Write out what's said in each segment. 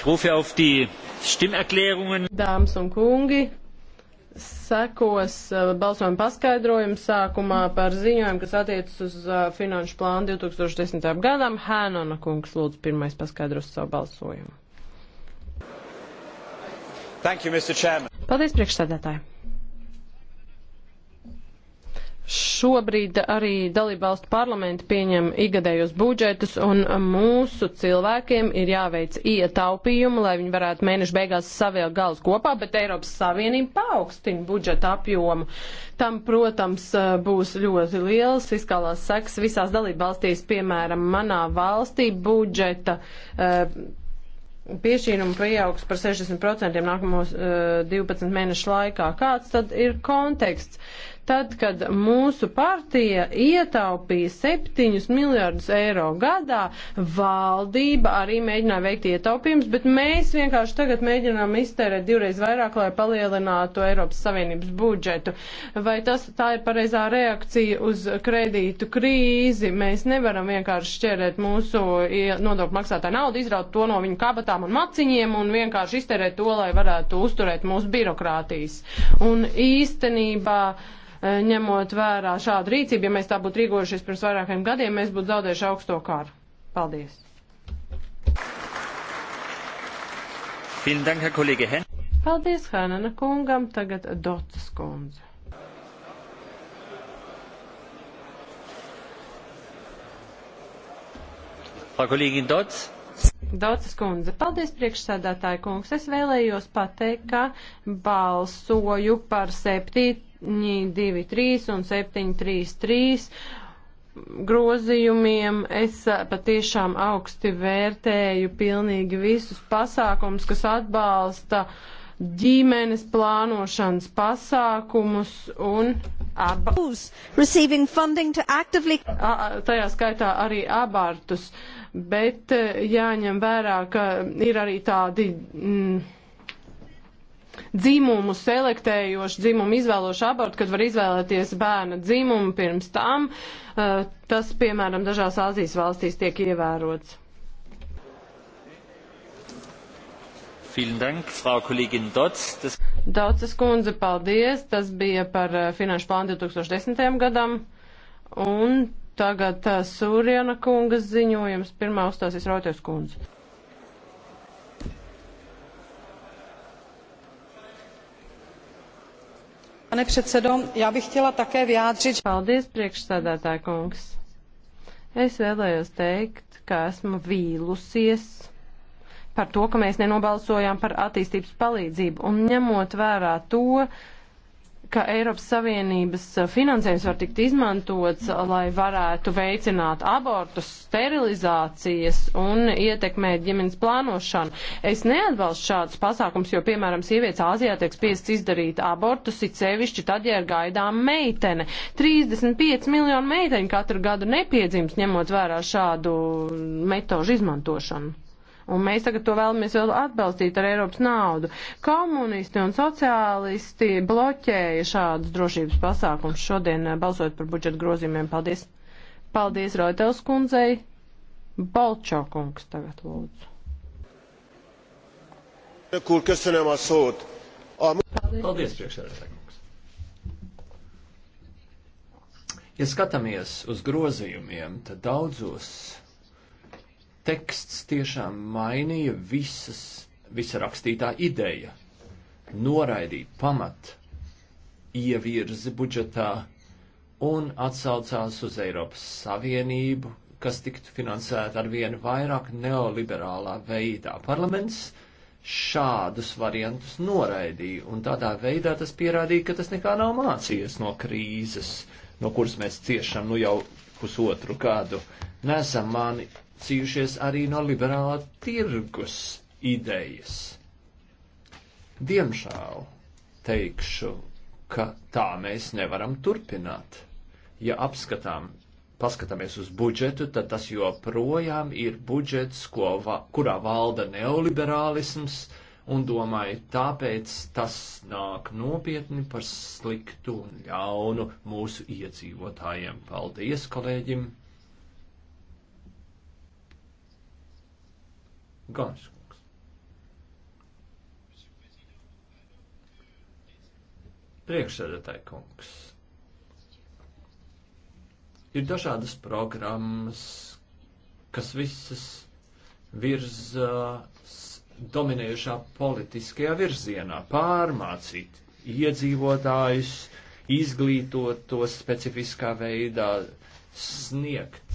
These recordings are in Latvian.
Ich rufe auf die Stimmerklärungen. Dāmas un kungi, sekos uh, balsojuma paskaidrojums sākumā par ziņojumu, kas attiecas uz uh, finanšu plānu 2010. gadam. Hēnona kungs lūdzu pirmais paskaidros savu balsojumu. Thank you, Mr. Chairman. Paldies, priekšsēdētāji. Šobrīd arī dalībvalstu parlamenti pieņem igadējos budžetus, un mūsu cilvēkiem ir jāveic ietaupījumi, lai viņi varētu mēnešu beigās savēl galus kopā, bet Eiropas Savienība paaugstina budžeta apjomu. Tam, protams, būs ļoti liels fiskālās seks visās dalībvalstīs, piemēram, manā valstī budžeta. Uh, eh, piešķīrumu pieaugs par 60% nākamos uh, eh, 12 mēnešu laikā. Kāds tad ir konteksts? Tad, kad mūsu partija ietaupīja 7 miljārdus eiro gadā, valdība arī mēģināja veikt ietaupījumus, bet mēs vienkārši tagad mēģinām iztērēt divreiz vairāk, lai palielinātu Eiropas Savienības budžetu. Vai tas tā ir pareizā reakcija uz kredītu krīzi? Mēs nevaram vienkārši šķērēt mūsu nodokļu maksātāju naudu, izraut to no viņu kabatām un maciņiem un vienkārši iztērēt to, lai varētu uzturēt mūsu birokrātijas. Un īstenībā Eh, ņemot vērā šādu rīcību, ja mēs tā būtu rīkojušies pirms vairākiem gadiem, mēs būtu zaudējuši augsto kāru. Paldies! Dank, Herr Paldies Hānana kungam, tagad Dots kundze. Frau Kollegin Dotz. Daudzas kundze, paldies priekšsēdētāju kungs. Es vēlējos pateikt, ka balsoju par 7, 2, 3 un 7, 3, 3 grozījumiem. Es eh, patiešām augsti vērtēju pilnīgi visus pasākums, kas atbalsta uh, ģimenes plānošanas pasākumus un abus. Actively... Tajā skaitā arī abartus, bet e, jāņem vērā, ka ir arī tādi. Mm, dzimumu selektējošu, dzimumu izvēlošu abortu, kad var izvēlēties bērna dzimumu pirms tam. E, tas, piemēram, dažās Āzijas valstīs tiek ievērots. Daudzes kundze, paldies. Tas bija par eh, finanšu plānu 2010. gadam. Un tagad uh, eh, Sūriena kungas ziņojums. Pirmā uzstāsies Roties kundze. Pane předsedo, já bych chtěla také vyjádřit... Paldies, priekšsēdētāj kungs. Es vēlējos teikt, ka esmu vīlusies par to, ka mēs nenobalsojām par attīstības palīdzību. Un ņemot vērā to, ka Eiropas Savienības finansējums var tikt izmantots, lai varētu veicināt abortus, sterilizācijas un ietekmēt ģimenes plānošanu. Es neatbalstu šādus pasākums, jo, piemēram, sievietes Āzijā tiek spiests izdarīt abortus, it sevišķi tad, ja ir gaidām meitene. 35 miljonu meiteņu katru gadu nepiedzims, ņemot vērā šādu metožu izmantošanu un mēs tagad to vēlamies vēl atbalstīt ar Eiropas naudu. Komunisti un sociālisti bloķēja šādus drošības pasākums šodien eh, balsot par budžeta grozījumiem. Paldies! Paldies Roitels kundzei! Balčokungs tagad lūdzu. Kur köszönöm a szót. A... Paldies, priekšsēdētāj. Ja skatāmies uz grozījumiem, tad daudzos teksts tiešām mainīja visas, visa rakstītā ideja - noraidīt pamat ievirzi budžetā un atsaucās uz Eiropas Savienību, kas tiktu finansēta ar vienu vairāk neoliberālā veidā. Parlaments šādus variantus noraidīja, un tādā veidā tas pierādīja, ka tas nekā nav mācījies no krīzes, no kuras mēs ciešam nu jau pusotru gadu. Nesam mani mācījušies arī no liberālā tirgus idejas. Diemžēl teikšu, ka tā mēs nevaram turpināt. Ja apskatām, paskatāmies uz budžetu, tad tas joprojām ir budžets, ko, kurā valda neoliberālisms, un domāju, tāpēc tas nāk nopietni par sliktu un ļaunu mūsu iedzīvotājiem. Paldies kolēģim! Ganškungs. Priekšsēdētāji kungs. Ir dažādas programmas, kas visas virza dominējušā politiskajā virzienā - pārmācīt iedzīvotājus, izglītot tos specifiskā veidā, sniegt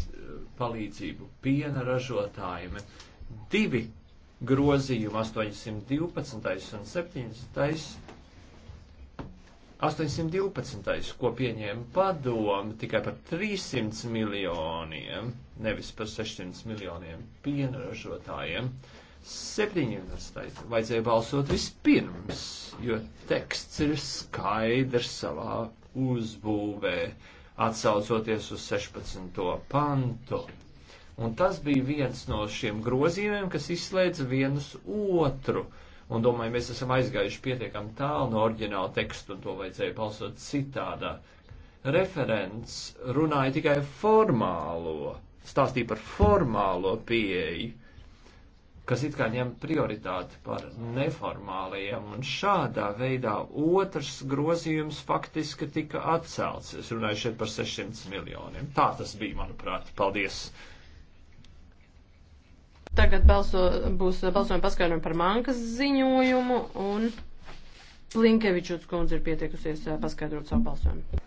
palīdzību piena ražotājiem, divi grozījumi 812 un 70. 812, ko pieņēma padomu tikai par 300 miljoniem, nevis par 600 miljoniem pienražotājiem, 17. vajadzēja balsot vispirms, jo teksts ir skaidrs savā uzbūvē, atsaucoties uz 16. pantu. Un tas bija viens no šiem grozījumiem, kas izslēdz vienus otru. Un domāju, mēs esam aizgājuši pietiekami tālu no oriģināla teksta, un to vajadzēja balsot citādā. Referents runāja tikai formālo, stāstīja par formālo pieeju, kas it kā ņem prioritāti par neformālajiem, un šādā veidā otrs grozījums faktiski tika atcelts. Es runāju šeit par 600 miljoniem. Tā tas bija, manuprāt. Paldies! Tagad balso, būs eh, balsojumi paskaidrojumi par mankas ziņojumu un Linkevičuts kundze ir pietiekusies eh, paskaidrot savu balsojumu.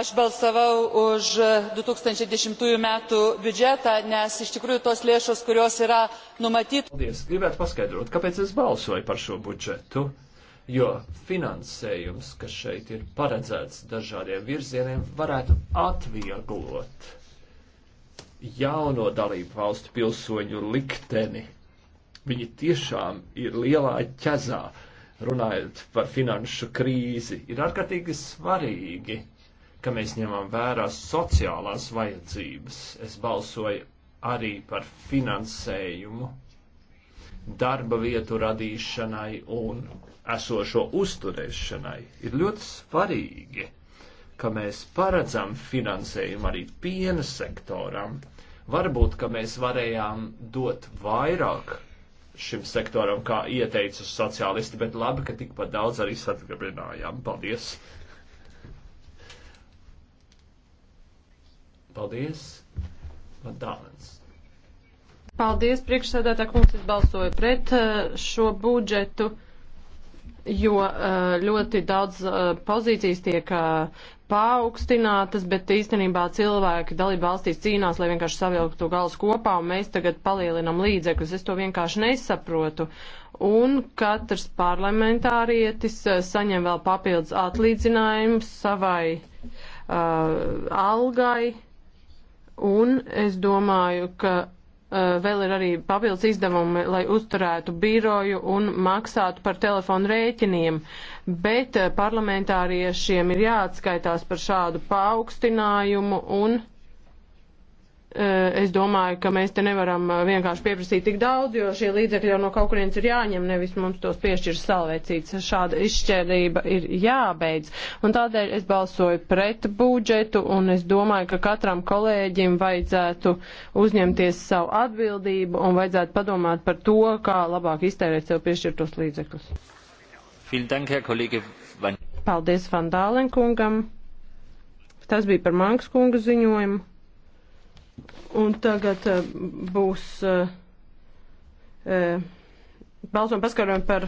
Aš balsavau už 2010 eh, metų biudžetą, nes iš tikrųjų tos lėšos, kurios yra numatytos. Gribētu paskaidrot, kāpēc es balsoju par šo budžetu. Uh, jo finansējums, kas šeit ir paredzēts dažādiem virzieniem, varētu atvieglot jauno dalību valstu pilsoņu likteni. Viņi tiešām ir lielā ķezā, runājot par finanšu krīzi. Ir ārkārtīgi svarīgi, ka mēs ņemam vērā sociālās vajadzības. Es balsoju arī par finansējumu darba vietu radīšanai un esošo uzturēšanai. Ir ļoti svarīgi, ka mēs paredzam finansējumu arī piena sektoram. Varbūt, ka mēs varējām dot vairāk šim sektoram, kā ieteica sociālisti, bet labi, ka tikpat daudz arī satgabrinājām. Paldies! Paldies! Madālens! Paldies, priekšsēdētā kungs, es balsoju pret uh, šo budžetu, jo uh, ļoti daudz uh, pozīcijas tiek paaugstinātas, bet īstenībā cilvēki dalība valstīs cīnās, lai vienkārši savilktu galus kopā, un mēs tagad palielinam līdzekļus. Es to vienkārši nesaprotu. Un katrs parlamentārietis saņem vēl papildus atlīdzinājumu savai uh, algai, un es domāju, ka Eh, vēl ir arī papildus izdevumi, lai uzturētu biroju un maksātu par telefonu rēķiniem, bet eh, parlamentāriešiem ir jāatskaitās par šādu paaugstinājumu un Eh, es domāju, ka mēs te nevaram eh, vienkārši pieprasīt tik daudz, jo šie līdzekļi jau no kaut kurienes ir jāņem, nevis mums tos piešķir salvēcīts. Šāda izšķērība ir jābeidz. Un tādēļ es balsoju pret budžetu, un es domāju, ka katram kolēģim vajadzētu uzņemties savu atbildību un vajadzētu padomāt par to, kā labāk iztērēt sev piešķirtos līdzekļus. Paldies Vandālenkungam. Tas bija par Mankas kunga ziņojumu. Un tagad eh, būs uh, eh, uh, eh, balsojumi paskarojumi par,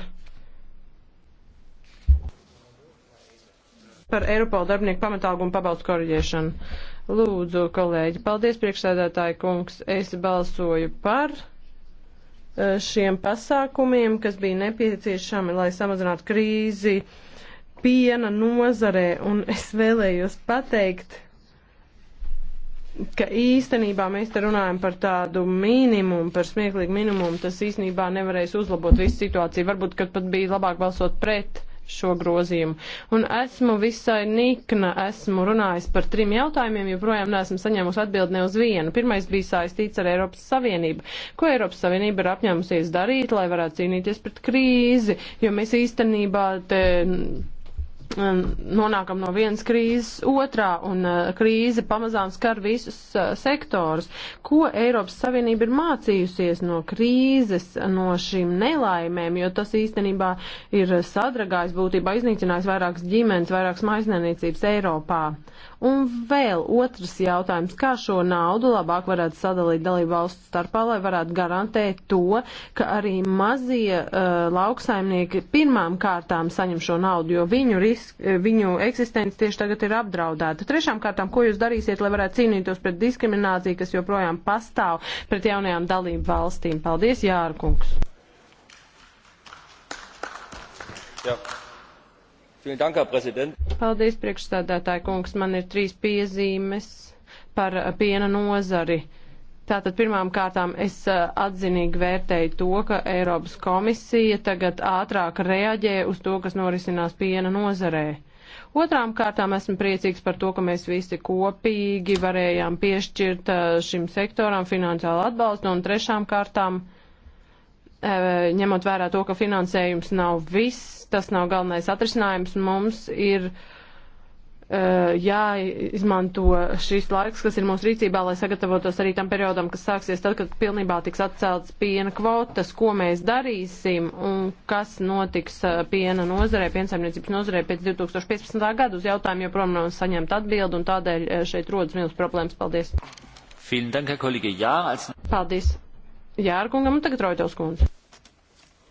par Eiropola darbinieku pamatālgumu pabalstu korģēšanu. Lūdzu, kolēģi, paldies priekšsēdētāji kungs, es balsoju par uh, šiem pasākumiem, kas bija nepieciešami, lai samazinātu krīzi piena nozarē, un es vēlējos pateikt, ka īstenībā mēs te runājam par tādu minimumu, par smieklīgu minimumu, tas īstenībā nevarēs uzlabot visu situāciju. Varbūt, kad pat bija labāk balsot pret šo grozījumu. Un esmu visai nikna, esmu runājis par trim jautājumiem, joprojām neesmu saņēmusi atbildi ne uz vienu. Pirmais bija saistīts ar Eiropas Savienību. Ko Eiropas Savienība ir apņēmusies darīt, lai varētu cīnīties pret krīzi, jo mēs īstenībā te Um, nonākam no vienas krīzes otrā, un uh, krīze pamazām skar visus uh, sektorus. Ko Eiropas Savienība ir mācījusies no krīzes, no šīm nelaimēm, jo tas īstenībā ir sadragājis, būtībā iznīcinājis vairākas ģimenes, vairākas maisnēniecības Eiropā. Un vēl otrs jautājums, kā šo naudu labāk varētu sadalīt dalību valstu starpā, lai varētu garantēt to, ka arī mazie uh, lauksaimnieki pirmām kārtām saņem šo naudu, jo viņu, risk, eh, viņu eksistence tieši tagad ir apdraudēta. Trešām kārtām, ko jūs darīsiet, lai varētu cīnītos pret diskrimināciju, kas joprojām pastāv pret jaunajām dalību valstīm? Paldies, Jārkungs! Yeah. Paldies, priekšstādātāji kungs. Man ir trīs piezīmes par eh, piena nozari. Tātad pirmām kārtām es eh, atzinīgi vērtēju to, ka Eiropas komisija tagad ātrāk reaģē uz to, kas norisinās piena nozarē. Otrām kārtām esmu priecīgs par to, ka mēs visi kopīgi varējām piešķirt eh, šim sektoram finansiālu atbalstu, un trešām kārtām, ņemot vērā to, ka finansējums nav viss, tas nav galvenais atrisinājums. Mums ir uh, jāizmanto šis laiks, kas ir mūsu rīcībā, lai sagatavotos arī tam periodam, kas sāksies tad, kad pilnībā tiks atceltas piena kvotas, ko mēs darīsim un kas notiks eh, piena nozarē, piensaimniecības nozarē pēc 2015. gada. Uz jautājumu joprojām nav saņemta atbildi un tādēļ eh, šeit rodas milz problēmas. Paldies! Vielen Dank, Herr Kollege. Ja, als... Paldies. Jārkungam un tagad Roitovs kundze.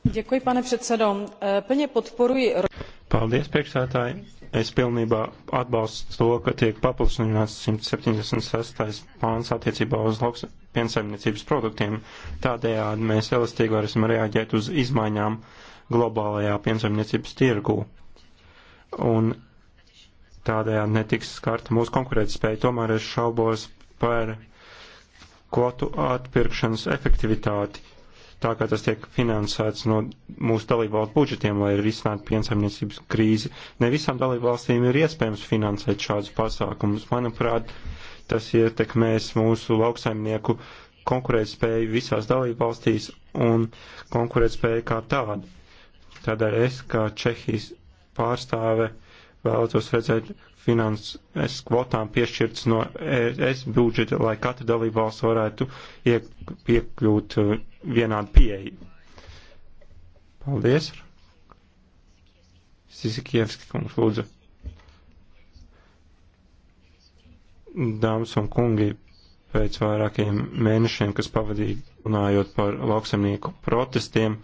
Ďakuj, pane predsedo. E, Plne podporuji... Paldies, priekšsētāji. Es pilnībā atbalstu to, ka tiek paplašināts 176. pāns attiecībā uz lauks piensaimniecības produktiem. Tādējādi mēs elastīgi varēsim reaģēt uz izmaiņām globālajā piensaimniecības tirgū. Un tādējādi netiks skarta mūsu konkurētspēja. Tomēr es šaubos par kvotu atpirkšanas efektivitāti tā kā tas tiek finansēts no mūsu dalībvalstu budžetiem, lai risinātu piensaimniecības krīzi. Ne visām dalībvalstīm ir iespējams finansēt šādus pasākumus. Manuprāt, tas ietekmēs mūsu lauksaimnieku konkurētspēju visās dalībvalstīs un konkurētspēju kā tādu. Tādēļ es, kā Čehijas pārstāve, vēlētos redzēt finanses kvotām piešķirts no ES budžeta, lai katra dalībvalsts varētu iek, piekļūt uh, vienādu pieeju. Paldies. Sisikievski kungs lūdzu. Dāmas un kungi, pēc vairākiem mēnešiem, kas pavadīja runājot par lauksemnieku protestiem,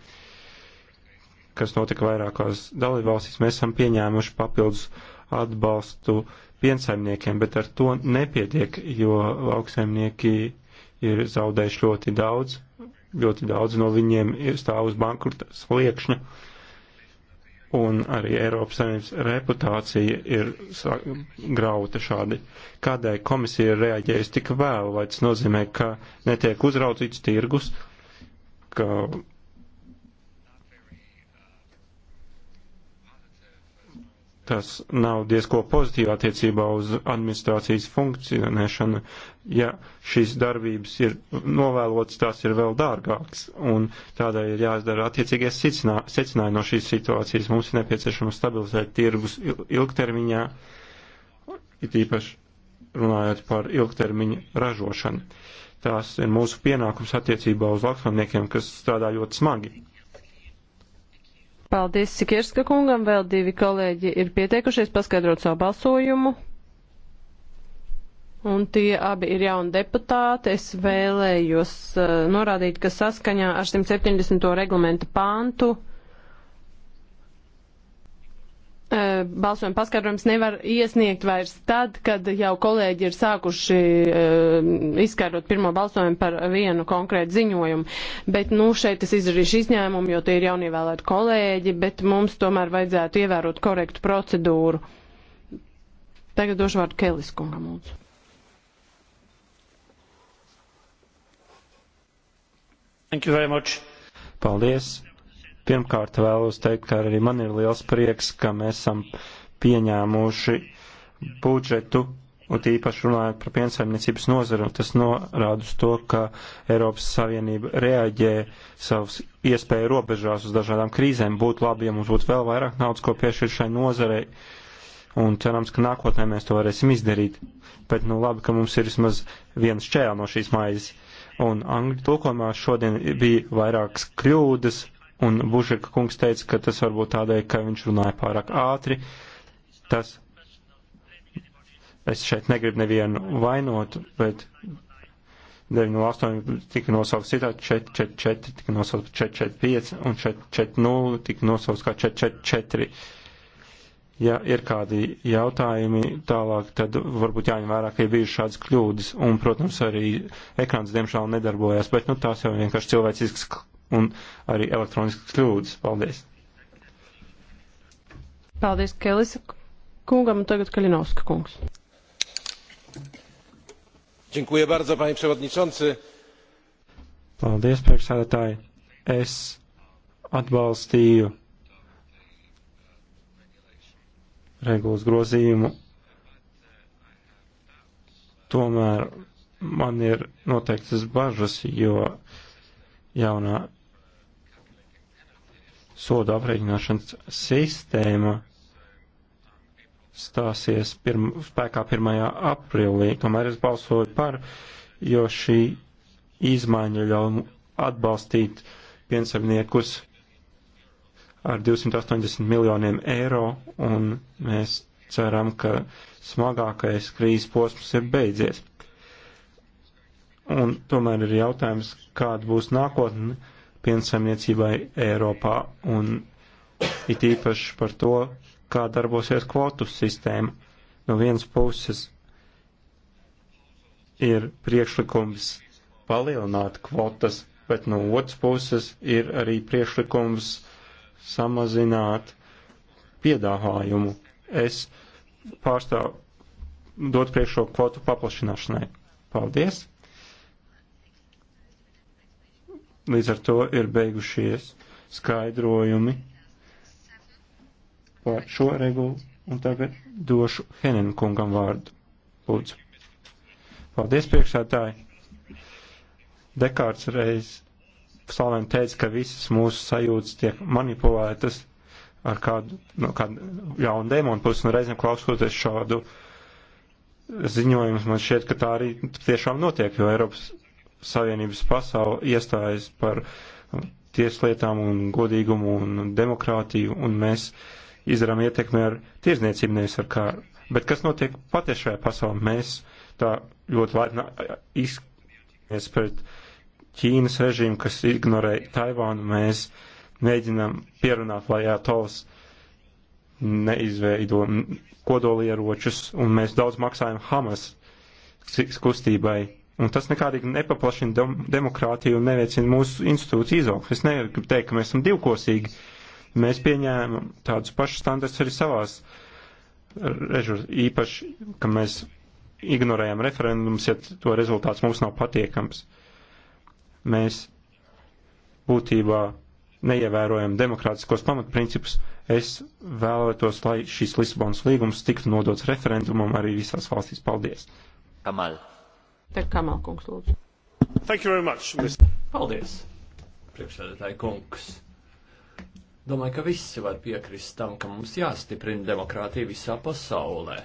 kas notika vairākās dalībvalstīs, mēs esam pieņēmuši papildus uh, atbalstu piensaimniekiem, bet ar to nepietiek, jo lauksaimnieki ir zaudējuši ļoti daudz, ļoti daudz no viņiem ir stāv uz bankrota sliekšņa. Un arī Eiropas Savienības reputācija ir grauta šādi. Kādēļ komisija ir reaģējusi tik vēlu, vai tas nozīmē, ka netiek uzraudzīts tirgus, ka tas nav diezko pozitīvi attiecībā uz administrācijas funkcionēšanu. Ja šīs darbības ir novēlotas, tās ir vēl dārgākas, un tādēļ ir jāizdara attiecīgie secinājumi no šīs situācijas. Mums ir nepieciešama stabilizēt tirgus ilgtermiņā, it īpaši runājot par ilgtermiņa ražošanu. Tās ir mūsu pienākums attiecībā uz lauksaimniekiem, kas strādā ļoti smagi. Paldies Sikierska kungam. Vēl divi kolēģi ir pieteikušies paskaidrot savu balsojumu. Un tie abi ir jauni deputāti. Es vēlējos uh, norādīt, ka saskaņā ar 170. reglamenta pāntu Eh, balsojuma paskaidrojums nevar iesniegt vairs tad, kad jau kolēģi ir sākuši eh, izskaidrot pirmo balsojumu par vienu konkrētu ziņojumu. Bet, nu, šeit es izdarīšu izņēmumu, jo tie ir jaunievēlēti kolēģi, bet mums tomēr vajadzētu ievērot korektu procedūru. Tagad došu vārdu Kelis kungam lūdzu. Thank you very much. Paldies. Pirmkārt vēlos teikt, ka arī man ir liels prieks, ka mēs esam pieņēmuši budžetu, un tīpaši runājot par piensaimniecības nozaru, tas norāda uz to, ka Eiropas Savienība reaģē savas iespēju robežās uz dažādām krīzēm. Būtu labi, ja mums būtu vēl vairāk naudas, ko piešķirt šai nozarei, un cerams, ka nākotnē mēs to varēsim izdarīt. Bet nu labi, ka mums ir vismaz viens čēl no šīs maizes. Un angļu tulkojumā šodien bija vairākas kļūdas, un Bužeka kungs teica, ka tas varbūt tādēļ, ka viņš runāja pārāk ātri. Tas, es šeit negribu nevienu vainot, bet 9 no 8 tika nosaukts citādi, 4, 4, 4 tika nosaukts 4, 4, 5 un 4, 4, 0 tika nosaukts kā 4, 4, 4. Ja ir kādi jautājumi tālāk, tad varbūt jāņem vērā, ka ir bijušas šādas kļūdas, un, protams, arī ekrāns diemžēl nedarbojās, bet, nu, tās jau vienkārši cilvēcisks un arī elektroniskas kļūdas. Paldies! Paldies, Kelis kungam, un tagad Kaļinovska kungs. Dziękuję bardzo, panie przewodniczący. Paldies, priekšsēdētāji. Es atbalstīju regulas grozījumu. Tomēr man ir noteiktas bažas, jo jaunā sodu aprēķināšanas sistēma stāsies pirm, spēkā 1. aprīlī. Tomēr es balsoju par, jo šī izmaiņa ļauj atbalstīt piensaimniekus ar 280 miljoniem eiro, un mēs ceram, ka smagākais krīzes posms ir beidzies. Un tomēr ir jautājums, kāda būs nākotne piensaimniecībai Eiropā un it īpaši par to, kā darbosies kvotu sistēma. No vienas puses ir priekšlikums palielināt kvotas, bet no otras puses ir arī priekšlikums samazināt piedāvājumu. Es pārstāvu dot priekšroku kvotu paplašināšanai. Paldies! Līdz ar to ir beigušies skaidrojumi par šo regulu, un tagad došu Henen kungam vārdu. Lūdzu. Paldies, priekšsētāji. Dekārts reiz slaveni teica, ka visas mūsu sajūtas tiek manipulētas ar kādu, no kādu ļaunu demonu pusi, un reizēm klausoties šādu ziņojumus, man šķiet, ka tā arī tiešām notiek, jo Eiropas Savienības pasauli iestājas par tieslietām un godīgumu un demokrātiju, un mēs izdarām ietekmi ar tirzniecību, nevis ar kāru. Bet kas notiek patiešajā pasaulē? Mēs tā ļoti laipni izskatāmies pret Ķīnas režīmu, kas ignorē Taivānu. Mēs mēģinām pierunāt, lai Jātovs neizveido kodolieročus, un mēs daudz maksājam Hamas kustībai Un tas nekādīgi nepaplašina dem demokrātiju un neveicina mūsu institūciju izaugsmu. Es negribu teikt, ka mēs esam divkosīgi. Mēs pieņēmām tādus pašus standartus arī savās režūs, īpaši, ka mēs ignorējam referendumus, ja to rezultāts mums nav patiekams. Mēs būtībā neievērojam demokrātiskos pamatprincipus. Es vēlētos, lai šīs Lisabonas līgums tiktu nodots referendumam arī visās valstīs. Paldies! Kamal. Te Kamalkungs lūdzu. Thank you very much. Miss. Paldies, priekšsēdētāji kungs. Domāju, ka visi var piekrist tam, ka mums jāstiprina demokrātija visā pasaulē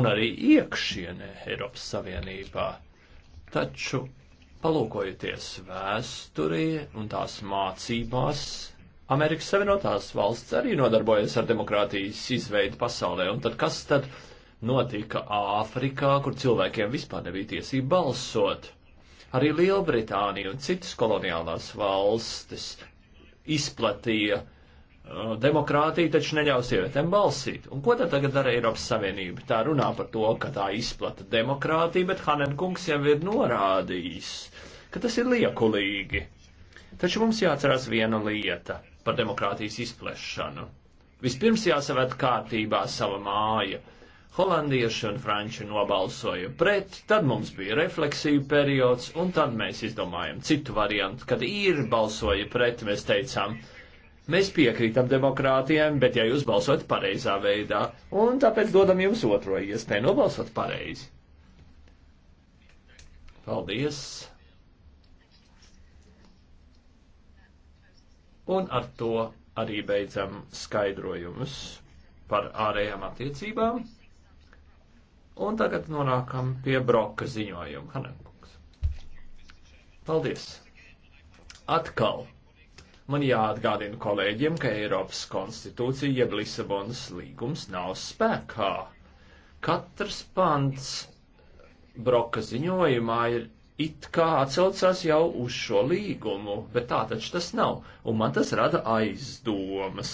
un arī iekšienē Eiropas Savienībā. Taču, palūkojoties vēsturī un tās mācībās, Amerikas Savienotās valsts arī nodarbojas ar demokrātijas izveidu pasaulē, un tad kas tad notika Āfrikā, kur cilvēkiem vispār nebija tiesība balsot. Arī Lielbritānija un citas koloniālās valstis izplatīja uh, demokrātiju, taču neļāva sievietēm balsīt. Un ko tad tagad dara Eiropas Savienība? Tā runā par to, ka tā izplata demokrātiju, bet Hanenkungs jau ir norādījis, ka tas ir liekulīgi. Taču mums jāatcerās viena lieta par demokrātijas izplešanu. Vispirms jāsavērt kārtībā sava māja, Holandieši un Franči nobalsoja pret, tad mums bija refleksija periods, un tad mēs izdomājam citu variantu. Kad īri balsoja pret, mēs teicām, mēs piekrītam demokrātiem, bet ja jūs balsot pareizā veidā, un tāpēc dodam jums otro iespēju nobalsot pareizi. Paldies! Un ar to arī beidzam skaidrojumus par ārējām attiecībām. Un tagad nonākam pie broka ziņojuma. Hanenkungs. Paldies! Atkal man jāatgādina kolēģiem, ka Eiropas konstitūcija jeb Lisabonas līgums nav spēkā. Katrs pants broka ziņojumā ir it kā atcaucās jau uz šo līgumu, bet tā taču tas nav, un man tas rada aizdomas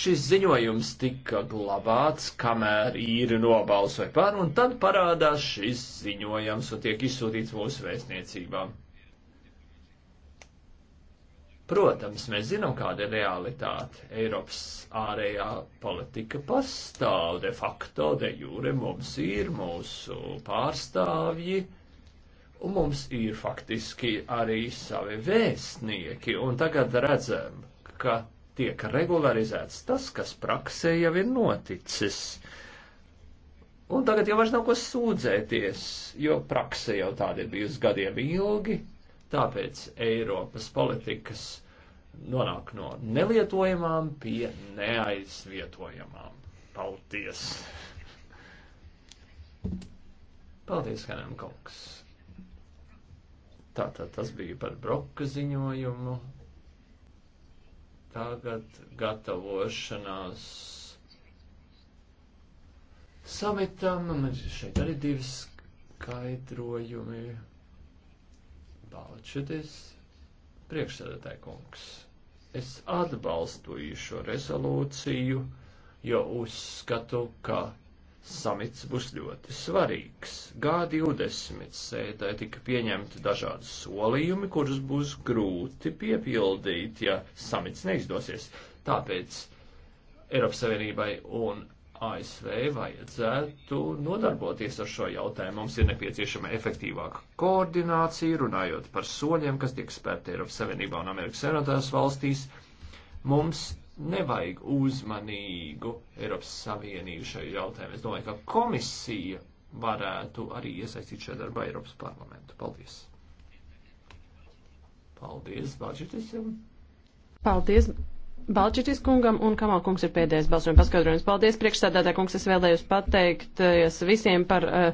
Šis ziņojums tika glabāts, kamēr īri nobalsoja par, un tad parādās šis ziņojums un tiek izsūtīts mūsu vēstniecībām. Protams, mēs zinām, kāda ir realitāte. Eiropas ārējā politika pastāv de facto, de jure mums ir mūsu pārstāvji, un mums ir faktiski arī savi vēstnieki, un tagad redzam, ka tiek regularizēts tas, kas praksē jau ir noticis. Un tagad jau vairs nav ko sūdzēties, jo prakse jau tāda ir bijusi gadiem ilgi, tāpēc Eiropas politikas nonāk no nelietojamām pie neaizvietojamām. Paldies! Paldies, Hanan Kungs! Tātad tas bija par broka ziņojumu. Tagad gatavošanās samitam. Man šeit arī divi skaidrojumi. Balčetis, priekšsēdētāji kungs, es atbalstu šo rezolūciju, jo uzskatu, ka Samits būs ļoti svarīgs. G20 sēdē tika pieņemti dažādi solījumi, kurus būs grūti piepildīt, ja samits neizdosies. Tāpēc Eiropas Savienībai un ASV vajadzētu nodarboties ar šo jautājumu. Mums ir nepieciešama efektīvāka koordinācija, runājot par soļiem, kas tiek spērti Eiropas Savienībā un Amerikas Savienotās valstīs. Mums nevajag uzmanīgu Eiropas Savienību šajā jautājumā. Es domāju, ka komisija varētu arī iesaistīt šajā darbā Eiropas parlamentu. Paldies! Paldies, Bažitisam! Paldies! Balčitis kungam un Kamal kungs ir pēdējais balsojuma paskaidrojums. Paldies, priekšstādātā kungs, es vēlējos pateikties visiem par, eh,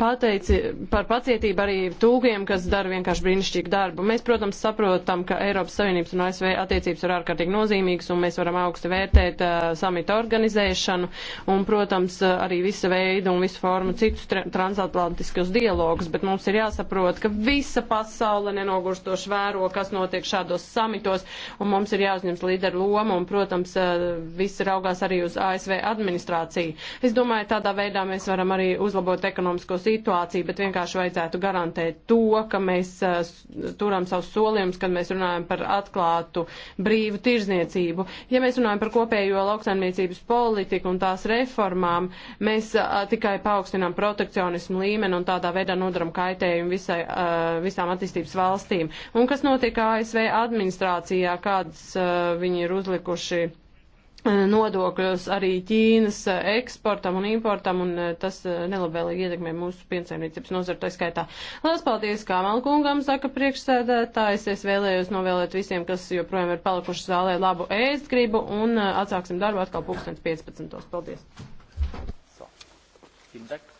pateici, par pacietību arī tūgiem, kas dara vienkārši brīnišķīgu darbu. Mēs, protams, saprotam, ka Eiropas Savienības un ASV attiecības ir ārkārtīgi nozīmīgas un mēs varam augstu vērtēt uh, samita organizēšanu un, protams, arī visa veida un visu formu citus transatlantiskus dialogus, bet mums ir jāsaprot, ka visa pasaule nenogurstoši vēro, kas notiek šādos samitos un mums ir jāuzņems līderu loma, un, protams, eh, visi raugās arī uz ASV administrāciju. Es domāju, tādā veidā mēs varam arī uzlabot ekonomisko situāciju, bet vienkārši vajadzētu garantēt to, ka mēs eh, turam savus solījumus, kad mēs runājam par atklātu brīvu tirzniecību. Ja mēs runājam par kopējo lauksaimniecības politiku un tās reformām, mēs eh, tikai paaugstinām protekcionismu līmeni un tādā veidā nodaram kaitējumu visai, uh, visām attīstības valstīm. Un kas notiek ASV administrācijā, kādas uh, viņi ir uzlikuši e, nodokļus arī Ķīnas e, eksportam un importam, un e, tas nelabvēlīgi ietekmē mūsu piensaimniecības nozaru, tā skaitā. Lielas paldies Kāmalkungam, saka priekšsēdētājs. Es vēlējos novēlēt visiem, kas joprojām ir palikuši zālē, labu ēstgribu, un atsāksim darbu atkal 2015. Paldies! So.